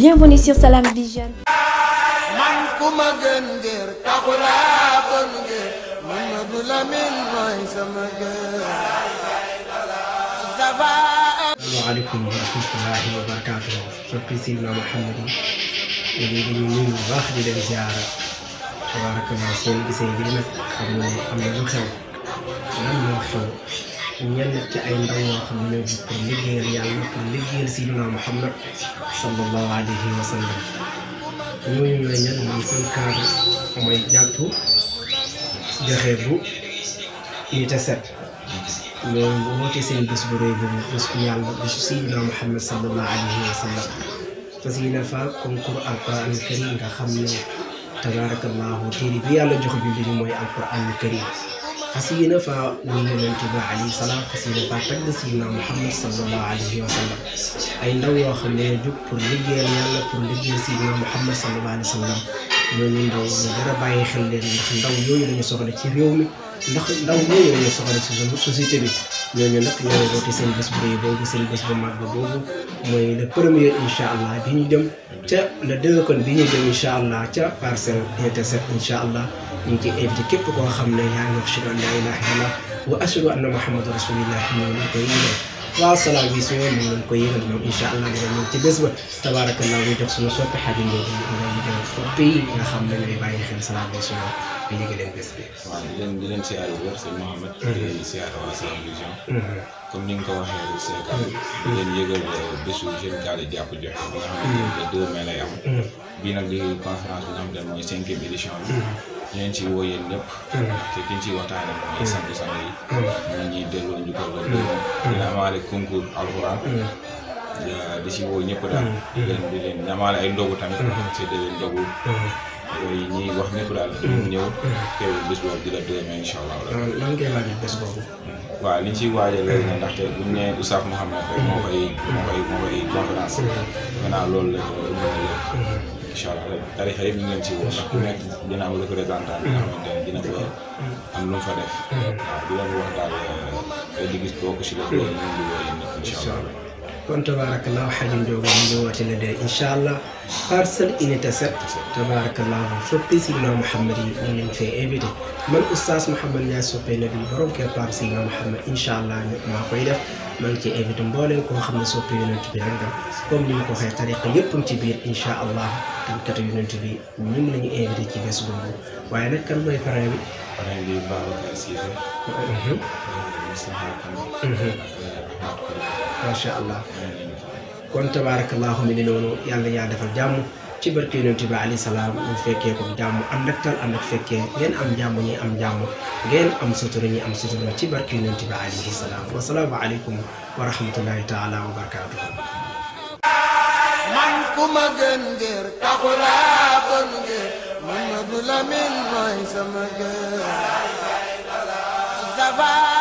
Bienvenue sur Salam Vision. man ku ma gën ngir taxulaa gën ngir Mamadou Lamine mooy sama gën. asalaamaaleykum wa rahmatullaahi wa barakaatu. soppi Seydina Mouhamadou. léegi dañuy nuyu bu baax di leen ziara. tabaaraka laa seen gisee gi nag xam ne am na lu xew. lan moo xew. ñenn ci ay ndaw yoo xam ne ñoo jóg pour liggéeyal yàlla pour liggéeyal Seydina Muhammad sallallahu alayhi wa sallam ñooñu ñooy ñan mooy seen cadre mooy jàpp joxe bu ñu te set ñoom bu wootee seen bés bu rëy boobu bés bu yàlla bésu Seydina Muhammad sallallahu alayhi wa sallam fas yéene fa concours alquran karim nga xam ne tabaarakallahu téere bi yàlla jox bi li mooy alquran karim fas yéene faa ñu yonent bi alayhi salaam fas yéene faa tagg Sayyidina Muhammad sallallahu alayhi wa sallam ay ndaw yoo xam ne jóg pour liggéeyal yàlla pour liggéeyal Sayyidina Muhammad sallallahu alayhi wa sallam ñooñu ndaw ñu dara bàyyi xel leen ndax ndaw yooyu lañu soxla ci réew mi ndax ndaw yooyu lañu soxla ci suñu société bi ñooñu nag ñoo woote seen bés bu rëy boobu seen bés bu mag boobu mooy le premier incha allah bi ñu dem ca le deux kon bi ñu dem incha allah ca parcelle unité sept incha allah. ñu ngi ciy invité képp koo xam ne yaa ngi wax ashhadu an laa ilaaha illallaah wa ashhadu anna muhammadu rasuulullaah ñu ngi koy yëgal waaw Salam Vision ñu ngi leen koy yëgal ñoom incha allah dina ñëw ci bés ba tabaarakallaa ñu jox suñu soppi xarit ñoom ñu ngi leen di soppi nga xam ne lay bàyyi xel Salam Vision ñu yëgal leen bés bi. waaw di leen di leen siyaare bu wér sëñ Mouhamed. Mm-hmm. di leen siyaare waa Salam Vision. Mm-hmm. comme ni nga ko waxee rek seen kàddu. Mm-hmm. di leen yëgal euh, bésu jeune Kaale jàpp joxe ba nga xam ne le 2 mai lay am. bii nag di conférence bi nga xam ne mooy cinquième édition bi. leen ci woo yéen ñëpp te kiñ ciy waxtaane mooy sangu sang yi ñu ñuy delloo njukkal la dina amaale concours alxuraan di ci woo ñëpp daal di leen ñamaale ay ndogu tamit ci déwén ndogu ñuy wax ñëpp daal ñëw teew bés di la demee incha allah lan ngay laaj bés boobu waaw li ñu ciy waajal loolu na ndaxte bu ñu nee Oustaz Mouhamed moo koy moo koy moo koy conférence xanaa loolu la ko incha allah tarixa yëpp ñu ngi leen ci woo ndax ku nekk dina am représentant bi nga xamante ne dina fa am lu mu fa def. waaw di leen wax daal ay eh, digis bokk si la loolu ñu ngi woo yéen ñëpp incha allah. kon tabaarakallah xajam jooga ñu ngi woote la dee incha allah. parcelle unité 7 tabaarakallaahu soppi Seydina Mouhamed yi ñu leen fee invité man oustaz Mouhamed Niass soppee na bi borom keppaar Seydina Mouhamed incha allah maa koy def maa ngi ci invité mbooleem koo xam ne soppi yonent bi rek la comme ni ñu ko waxee tariqa yëpp ci biir incha allah tànkatu yonent bi ñun la ñu invité ci bés boobu waaye nag kan mooy parrain bi. Mhm. Mhm. allah. kon tabaarakallaahu mi ngi noonu yàlla yaa defal jàmm ci barke yonent bi alayhi salaam ñu fekkee jàmm am ak tal ànd ak fekkee ngeen am jàmm ñi am jàmm ngeen am sutura ñi am sutura ci barke yonent bi salaam wa salaamu aleykum wa rahmatullahi taala wa barakaatuhu man ku ma gën ngir taxulaa bon ngir Mamadou Lamine mooy sama gën